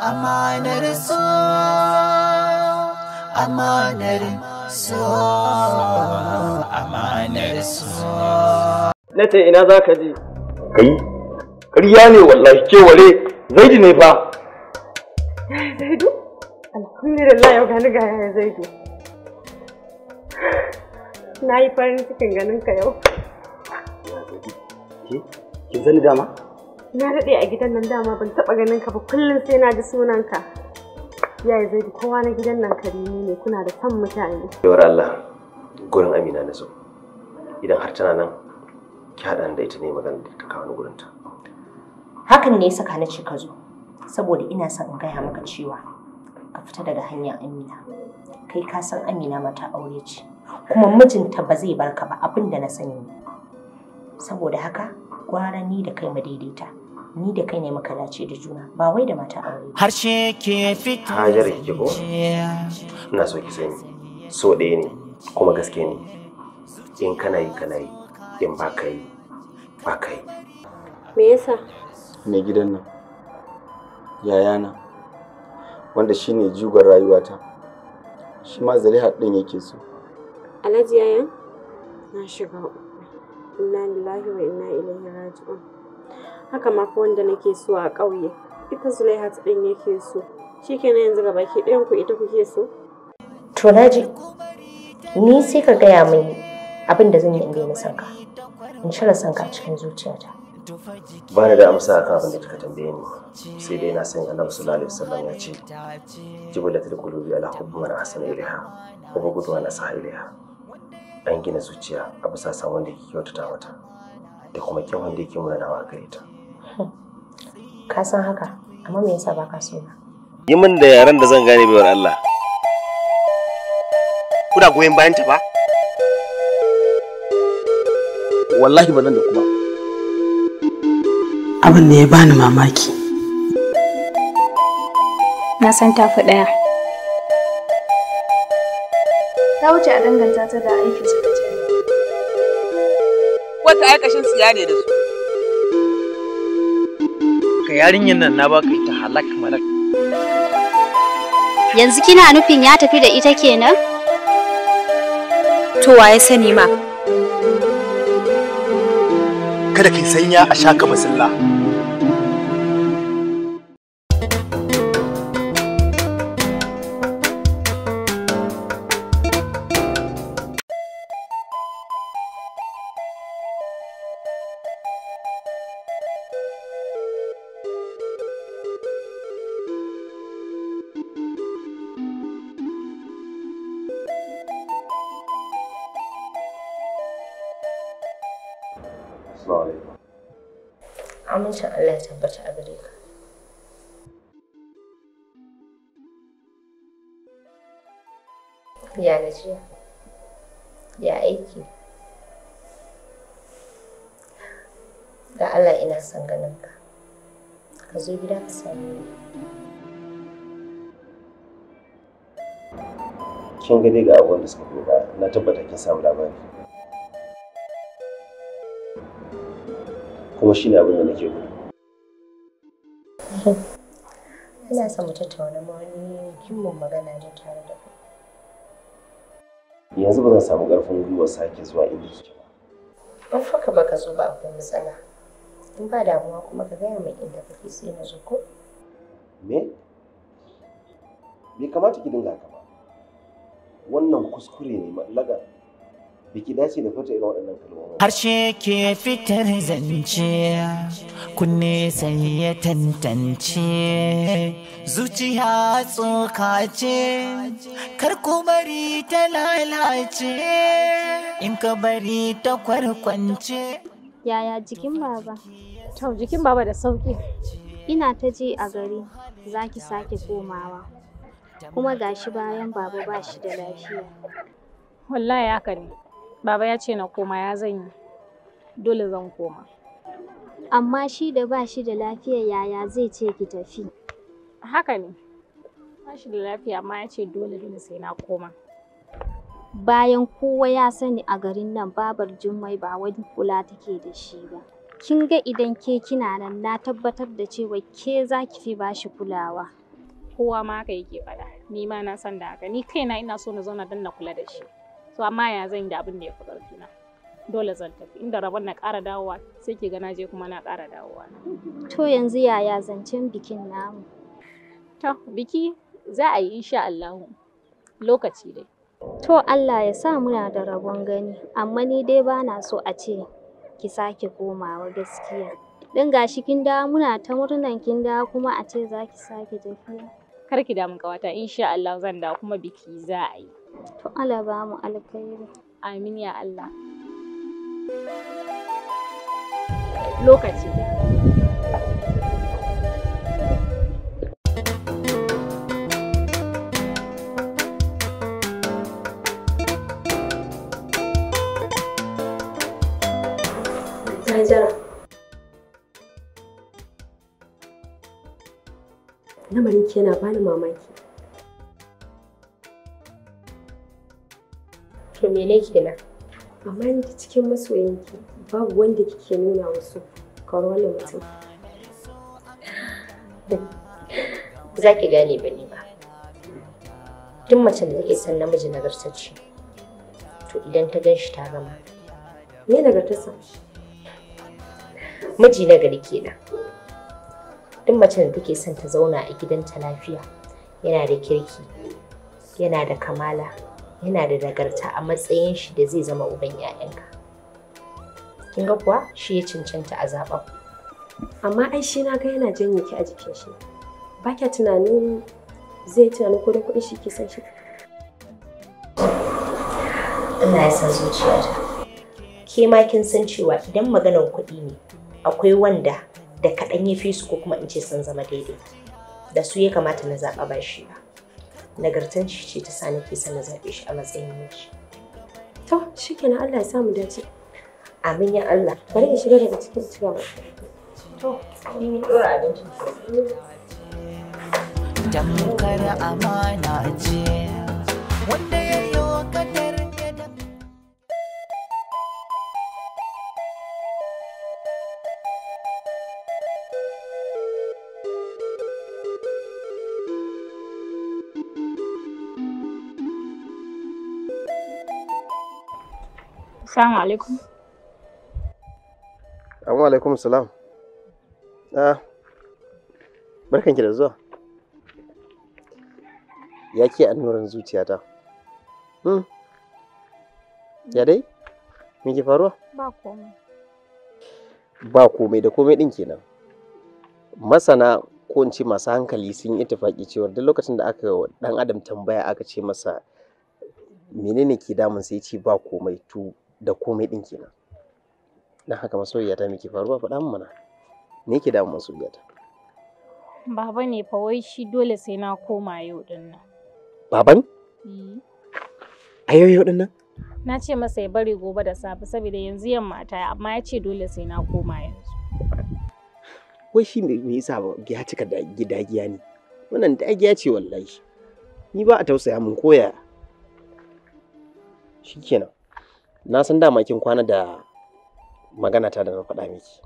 Amanar so, amanar Na ce ina za ka je? Kai, ƙarya ne wallahi kewale zaidi ne fa. yau gani Na yi farin cikin ganin ka yau. kin zani dama? na daɗe a gidan nan dama ban taɓa ganin ka ba kullum sai na ji sunanka yayi zai kowa na gidan nan karimi ne kuna da san mutane yawar Allah gurin Amina na zo idan har tana nan ki haɗa da ita ne magana da ta kawo gurin ta hakan ne saka na ce ka zo saboda ina son in gaya maka cewa ka fita daga hanyar Amina kai ka san Amina mata aure ce kuma mijinta ba zai barka ba abin da na sani saboda haka gwara ni da kai madaidaita ni da kai ne muka dace da juna ba wai da mata aure harshe ke fito hajar ki ko ina so ki sani so ɗaya ne kuma gaske ne in kana yi kana yi in ba ka yi ba ka yi me yasa ne gidan nan yayana wanda shine jigon rayuwata shi ma zaliha din yake so alhaji yayan na shiga inna lillahi wa inna ilaihi raji'un haka ma fa wanda nake so a ƙauye ita ta ɗin yake so shikenan yanzu gaba ke ɗayan ku ita kuke so to naji ni sai ka gaya min abin da zan yi in na sanka in cire sanka cikin zuciyata ba ni da amsa akan abin da kika tambaye ni sai dai na san annabi sallallahu alaihi wasallam ya ce jibilatul qulubi ala hubbi man ahsana ilaiha wa bughdu man asaha ilaiha an gina zuciya a bisa san wanda yake kyautata mata da kuma kyan wanda yake munanawa gare ta Ka san haka, amma me yasa ba ka so ba? Yi min da yaren da zan gane baiwar Allah. Kuna goyon bayan ta ba? Wallahi ba da kuma. Abin da ya bani mamaki. Na san tafi ɗaya. Ta wuce a danganta ta da aikin sakatare. Wata aikashin siya ne da su. ka yarinyar nan na baka ita halak malak yanzu kina nufin ya tafi da ita kenan to waye sani ma kada ki sanya a shaka basilla Ya gajiya? Ya aiki? Da Allah ina son ganin ka. Ka zo gida ka samu. ni. Kin ga dai ga abubuwan da suka biyo na tabbata kin samu labari. Kuma shi ne abin da nake gudu. Ina son mu tattauna ma wani muhimmin magana da tare da ku. yanzu ba zan samu ƙarfin gwiwa sake zuwa inda kike ba in faka ka zo ba akwai matsala in ba damuwa kuma ka gaya min inda kake sai na zo ko me bai kamata ki dinga haka ba wannan kuskure ne mallaka biki dace da furta irin waɗannan kalmomi harshe ke fitar zance kunne sai ya tantance zuciya tsoka ce kar ku bari ta lalace in ka bari ta kwarkwance yaya jikin baba to jikin baba da sauƙi. ina ta ji a gari za ki sake komawa kuma gashi bayan baba ba shi da lafiya wallahi haka ne Baba ya ce na koma ya zan yi. Dole zan koma. Amma shi da ba shi da lafiya yaya zai ce ki tafi? Haka ne. Ba shi da lafiya amma ya ce dole dole sai na koma. Bayan kowa ya sani a garin nan babar Jummai ba wani kula take da shi ba. Kin ga idan ke kina nan na tabbatar da cewa ke za ki fi ba shi kulawa. Kowa ma haka yake faɗa. Ni ma na san da haka. Ni kaina ina so na zauna don na kula da shi. so amma ya zan yi da abin da ya fi ƙarfi na dole zan tafi inda rabon na ƙara dawowa sai ke gana je kuma na ƙara dawowa to yanzu yaya zancen bikin namu to biki za a yi insha Allahu lokaci dai to Allah ya sa muna da rabon gani amma ni dai ba na so a ce ki sake komawa gaskiya dan gashi kin da muna ta murnan kin da kuma a ce za ki sake tafiya kar ki damu kawata, insha Allah zan dawo kuma biki za a yi To Allah ba mu alkhairi. Amin ya Allah. Lokaci. Hajara. yana bani mamaki. Mene kenan amma ni ta cikin masoyanki babu wanda kike nuna wasu kawar wannan mutum za ki gane ba ne ba duk macen da take son namiji nagartacce to idan ta gan shi ta gama me nagartarsa miji na gari kenan duk macen da take son ta zauna a gidanta lafiya yana da kirki yana da kamala yana da nagarta a matsayin shi da zai zama uban 'ya'yanka kin ga kuwa shi ya cancanta a zaben amma ai shi na ga yana janye ki a jikin shi ba kya tunanin zai tunanin ko da kuɗi shi ke san shi ina ya san zuciyata ke ma kin san cewa idan maganar kuɗi ne akwai wanda da kaɗan ya fi su ko kuma in ce sun zama daidai da su ya kamata na zaɓa ba shi ba nagartan shi ce ta sa nake son na zaɓe shi a matsayin miji. To shikenan Allah ya samu dace. Amin ya Allah. Bari in shiga daga cikin ba. To, ni ɗora abincin. Jamkar amana ce. Assalamu alaikum. Assalamu alaikum salam. Ah. Barkanki da zuwa. Ya ke annoran zuciyata. Hmm. Ya dai? Me ke faruwa? Ba komai. Ba komai da komai din kenan. Masana ko in ce masu hankali sun yi tafaki cewa duk lokacin da aka wa dan adam tambaya aka ce masa menene ke damun sai ce ba komai to da komai ɗin kenan don haka masoyiyata ta ke faruwa faɗa min mana me yake damun masoyiyata baba ne fa wai shi dole sai na koma yau din nan baban eh. a yau yau din nan na ce masa ya bari gobe da safe saboda yanzu yamma ta amma ya ce dole sai na koma yanzu wai shi me yasa ya cika da gidagiya ne wannan dagiya ce wallahi ni ba a tausaya mun koya shikenan na san dama kin kwana da magana ta da na faɗa miki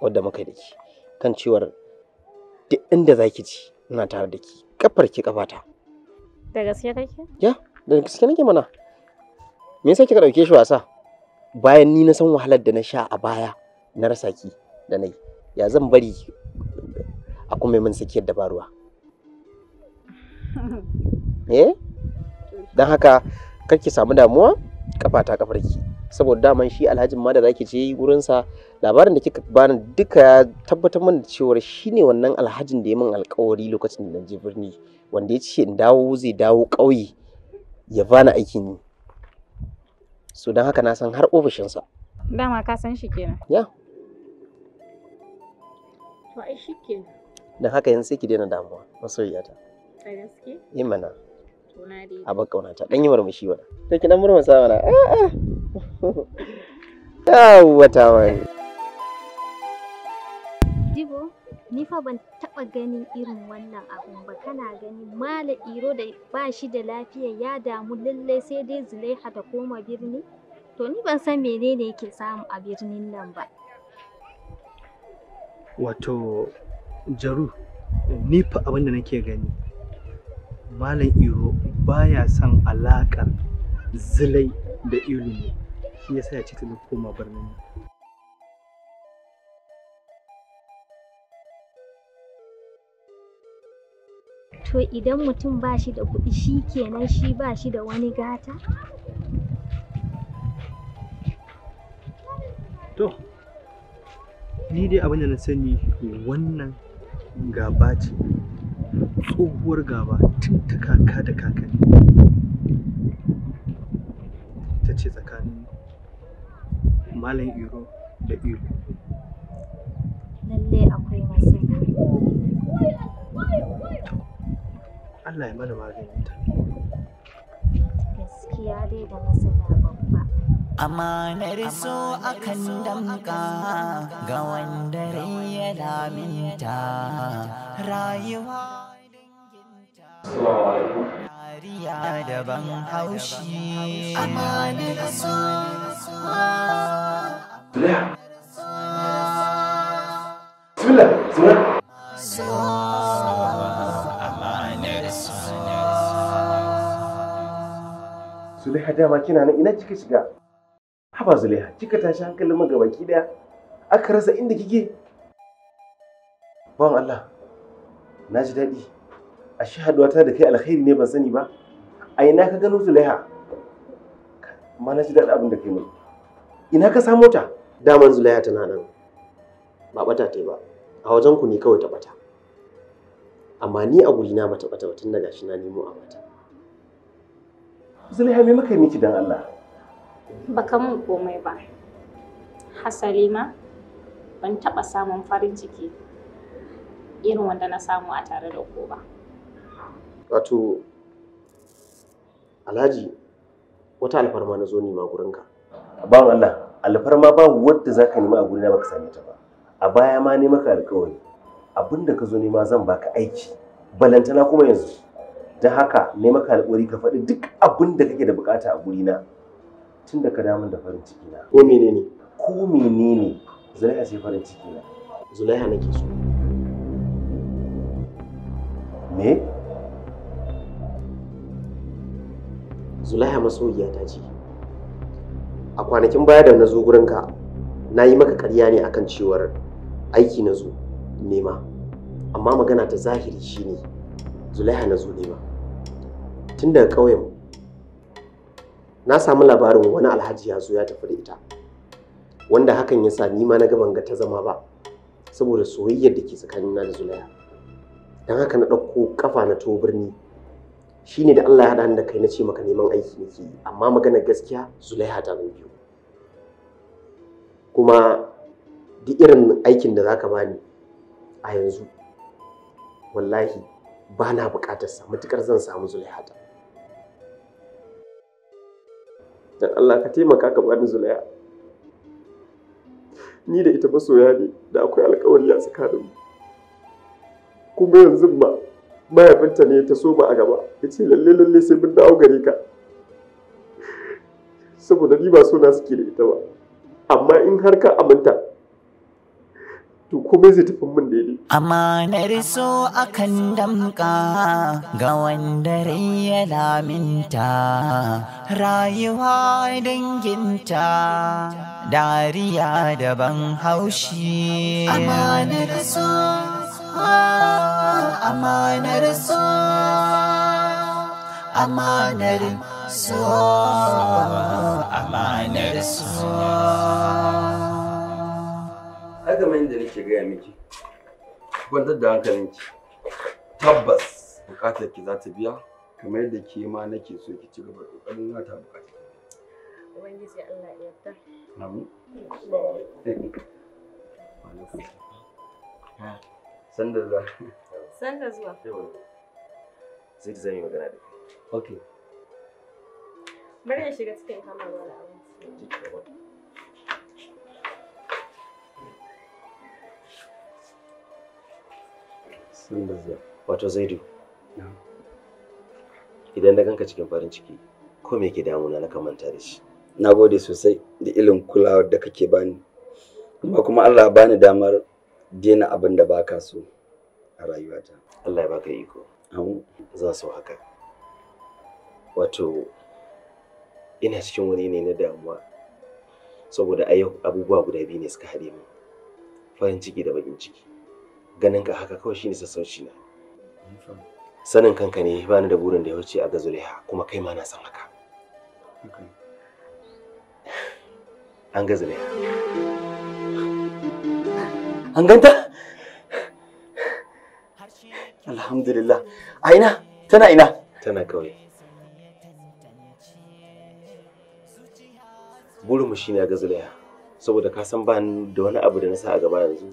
wadda muka da ki kan cewar duk inda za ki ji ina tare da ki kafar ki kafata da gaske kake ya da gaske nake mana me yasa kika dauke shi wasa bayan ni na san wahalar da na sha a baya na rasa ki da nai ya zan bari a kuma min sakiyar da baruwa eh dan haka kar ki samu damuwa kafa ta kafar ki saboda daman shi alhajin ma da zaki je gurinsa labarin da kika bani duka ya tabbatar mana cewa ne wannan alhajin da ya min alkawari lokacin da je birni wanda ya ce in dawo zai dawo ƙauye ya bani aikin yi so don haka na san har ofishinsa dama ka san shi kenan ya to ai shi kenan haka yanzu sai ki daina damuwa masoyiyata a gaske yi mana a ba kaunata ɗan yi murmushi wala to ki dan murmusa wala ah, ah. yawwa ta wani jibo ni fa ban taɓa ganin irin wannan abun ba kana gani mala iro da ba shi da lafiya ya damu lallai sai dai zulaiha ta koma birni to ni ban san menene yake samu a birnin nan ba wato jaru ni fa abin da nake gani Malam Iro baya son alaƙar Zulai da ilimi shi yasa ya ce ta koma birnin nan. To idan mutum ba shi da kuɗi shi kenan shi ba shi da wani gata? To, ni dai abin na sani wannan gaba ce tsohuwar gaba tun ta kaka da kakanni ta ce tsakanin malam iro da iro lalle akwai masu Allah ya mana magani ta gaskiya dai da masana babba amanar so akan damka ga wanda ya daminta. rayuwa Dariya da dama kina nan ina kika shiga? Haba zuliha kika tashi hankalin magabaki daya. Aka rasa inda kike? Bawan Allah, na ji daɗi. a shi da kai alkhairi ne ban sani ba a ina ka gano zulaiha ma na ji daɗin abin da kai mun ina ka samo ta daman zulaiha tana nan ba bata ta ba a wajen ku ne kawai ta bata amma ni a guri na bata bata tun daga shi na nemo a bata zulaiha me muka yi miki dan Allah baka mun komai ba hasali ma ban taɓa samun farin ciki irin wanda na samu a tare da ku ba. wato alhaji wata alfarma na zo nema gurinka bawan Allah alfarma ba wadda za ka nema a gurina baka same ta ba a baya ma ne maka alkawari abinda ka zo nema zan baka aiki balantana kuma yanzu da haka ne maka alkawari ka faɗi duk abin da kake da bukata a gurina tun da ka damun da farin ciki na ko menene ko menene zulaiha sai farin ciki na zulaiha nake so me zulaiha masoyiya ta ce a kwanakin baya da na zo gurinka na yi maka karya ne akan cewar aiki na zo nema amma magana ta zahiri shine zulaiha na zo nema tun daga ƙauyen na samu labarin wani alhaji ya zo ya tafi da ita wanda hakan ya sa ma na gaban ga ta zama ba saboda soyayyar da ke na da zulaiha don haka na ɗauko kafa na to birni Shi ne da Allah ya hada da kai na ce maka neman aiki nake yi amma magana gaskiya Zulaiha ta zo biyu kuma duk irin aikin da zaka bani a yanzu wallahi ba na buƙatar sa matukar zan samu Zulaiha ta dan Allah ka taimaka ka bani Zulaiha ni da ita masoya ne da akwai alƙawari a tsakaninmu kuma yanzu ba mahaifinta ne ta soma a gaba ya ce lalle lalle sai mun dawo gare ka saboda ni ba so na suke da ita ba amma in har ka aminta to komai zai tafi min daidai amanar so akan damka ga wanda rai ya laminta rayuwa danginta dariya daban haushi amanar so Ah, amanar so amanar so nake gaya miki kwantar da hankalinki tabbas bukatar ki za ta biya kamar yadda ke ma nake so ki ci gaba da ubangiji Allah ya yarda amin Sanda zuwa. Sanda zuwa. zan yi magana da kai. Okay. Bari ya shiga cikin kamar wani abinci. Sanda zuwa. Wato Idan na ganka cikin farin ciki, ko me ke damuna na kamanta da shi. Na gode sosai da ilin kulawar da kake bani. Kuma kuma Allah bani damar daina abin da baka so a rayuwata Allah ya baka iko amin za su haka wato ina cikin wani ne na damuwa saboda a yau abubuwa guda biyu ne suka haɗe mu farin ciki da bakin ciki ganin ka haka kawai shine sassauci na sanin kanka ne bani da burin da ya wuce a ga Zulaiha kuma kai ma na san haka an ga Zulaiha an ganta alhamdulillah a ina tana ina tana kawai burinmu shine a gazalaya saboda ka san ba da wani abu da na sa a gaba yanzu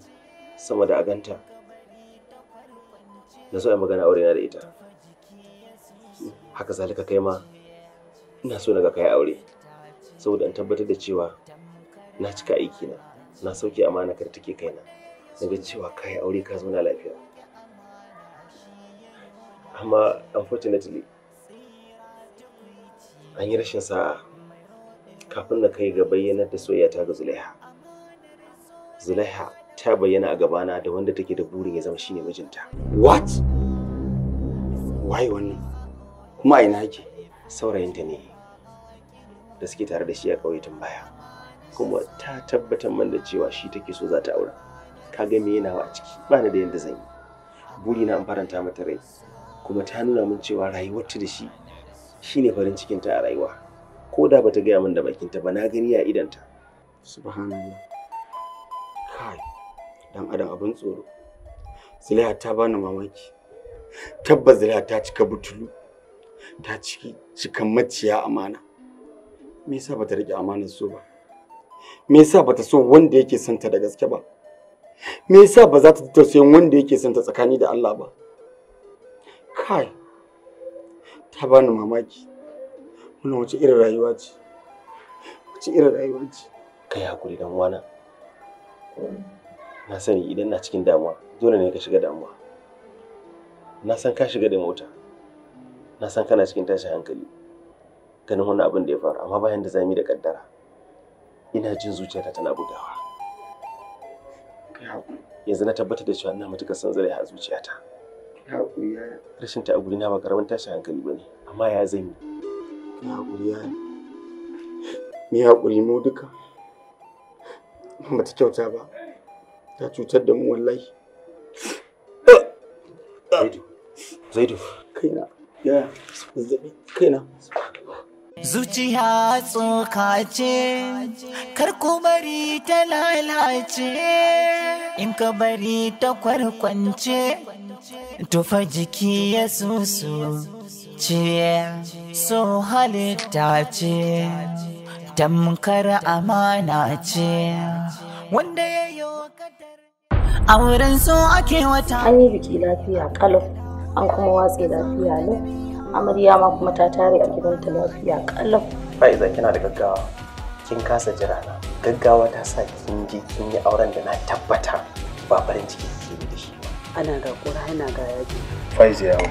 sama da a ganta na so a magana aure na da ita haka zalika kai ma ina so na ga kai aure saboda an tabbatar da cewa na cika aiki na na sauke amana kar take kaina na cewa ka aure ka na lafiya amma unfortunately an yi rashin sa'a kafin na kai ga bayyanar da soyayya ga zulaiha zulaiha ta bayyana a gabana da wanda take da burin ya zama shine mijinta what why wannan kuma a ina yake saurayinta ne da suke tare da shi a ƙauye tun baya kuma ta tabbatar man da cewa shi take so za ta aura ka ga me yana a ciki ba ni da yadda zan yi buri na in faranta mata rai kuma ta nuna min cewa rayuwarta da shi shine farin cikin ta a rayuwa ko da bata gaya min da ta ba na gani a idanta subhanallah kai dan adam abin tsoro zilaiha ta bani mamaki tabbas zilaiha ta cika butulu ta ciki cikan maciya amana me yasa bata rike amanar so ba me yasa bata so wanda yake santa da gaske ba me yasa ba za ta tausayin wanda yake son ta tsakani da Allah ba kai ta bani mamaki wannan wace irin rayuwa ce wace irin rayuwa ce kai hakuri dan wana na sani idan na cikin damuwa dole ne ka shiga damuwa na san ka shiga da mota na san kana cikin tashin hankali ganin wani abin da ya faru amma bayan da zami da kaddara ina jin zuciyata tana bugawa yanzu na tabbatar da cewa ina matuƙar son zare a zuciyata rashin ta a na ba karamin tashin hankali ba ne amma ya zan yi ya haƙuri ya ni haƙuri mu duka Mata kyauta ba ta cutar da mu wallahi zaidu zaidu kaina ya zazzabi kaina Zuciya tsoka ce, kar ku bari ta lalace, in ka bari ta kwarkwance, tufa jiki ya susu ce, so halitta ce, tamkar amana ce, wanda ya yi A wurin so ake wata. An yi biki lafiya kalau, an kuma watsa lafiya lau. amarya ma kuma ta tare a gidanta lafiya kallon fa'iza kina da gaggawa kin kasa jira na gaggawa ta sa kin je kin yi auren da na tabbata ba farin ciki ke da shi ana ga kura ana ga yaji faiza yawo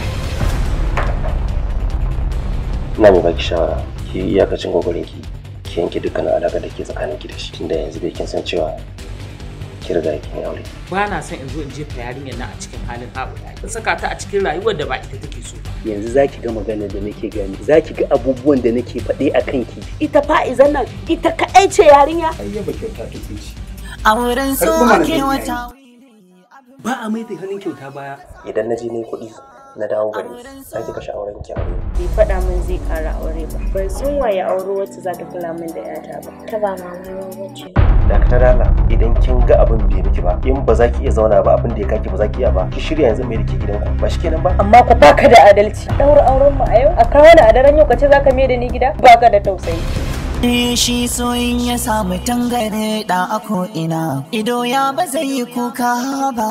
na mu baki shawara ki iyakacin gogorin ki ki yanke dukkan alaƙa da ke tsakanin ki da shi tunda yanzu bai kin san cewa Kirga riga aure ba na son in zo in jefa yarinyar nan a cikin halin haɓuya in saka ta a cikin rayuwar da ba ita take so ba yanzu ki ga magana da nake gani ki ga abubuwan da nake faɗe a ki. ita fa'izan nan ita kaɗai ce yarinya ayyaba kyauta ta ce a wurin so ake wata ba a mai da hannun kyauta baya idan na je ne kuɗi na dawo gari sai kika sha auren ki aure bai faɗa min zai ƙara aure ba ban san waye aure wacce za ta kula min da yata ba ta ba mama wacce Dakta Dala idan kin ga abin bai miki ba in ba za ki iya zauna ba abin da ya kake ba za ki iya ba ki shirya yanzu mai da ke gidanku ba shi kenan ba amma ku baka da adalci daura auren mu a yau a kawo a daren yau kace zaka mai da ni gida baka da tausayi shi soyin ya samu tangare da ako ina ido ya ba zai yi kuka ba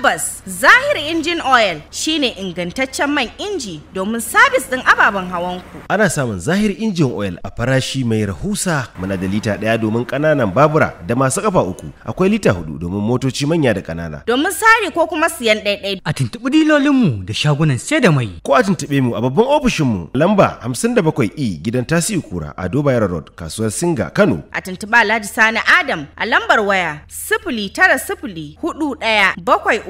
Tabbas Zahir Injin Oil shine ingantaccen man inji domin sabis ɗin ababen hawan ku. Ana samun Zahir Injin Oil a farashi mai rahusa muna da lita daya domin kananan babura da masu kafa uku akwai lita hudu domin motoci manya da ƙanana. Domin sari ko kuma siyan ɗaiɗai. A tuntuɓi mu da shagunan sai da mai. Ko a tuntuɓe mu a babban ofishin mu. lamba 57E gidan Tasiu Kura a Dobayar Road kasuwar Singa Kano. A tuntuɓa Alhaji Sani Adam a lambar waya sifili tara sifili hudu ɗaya bakwai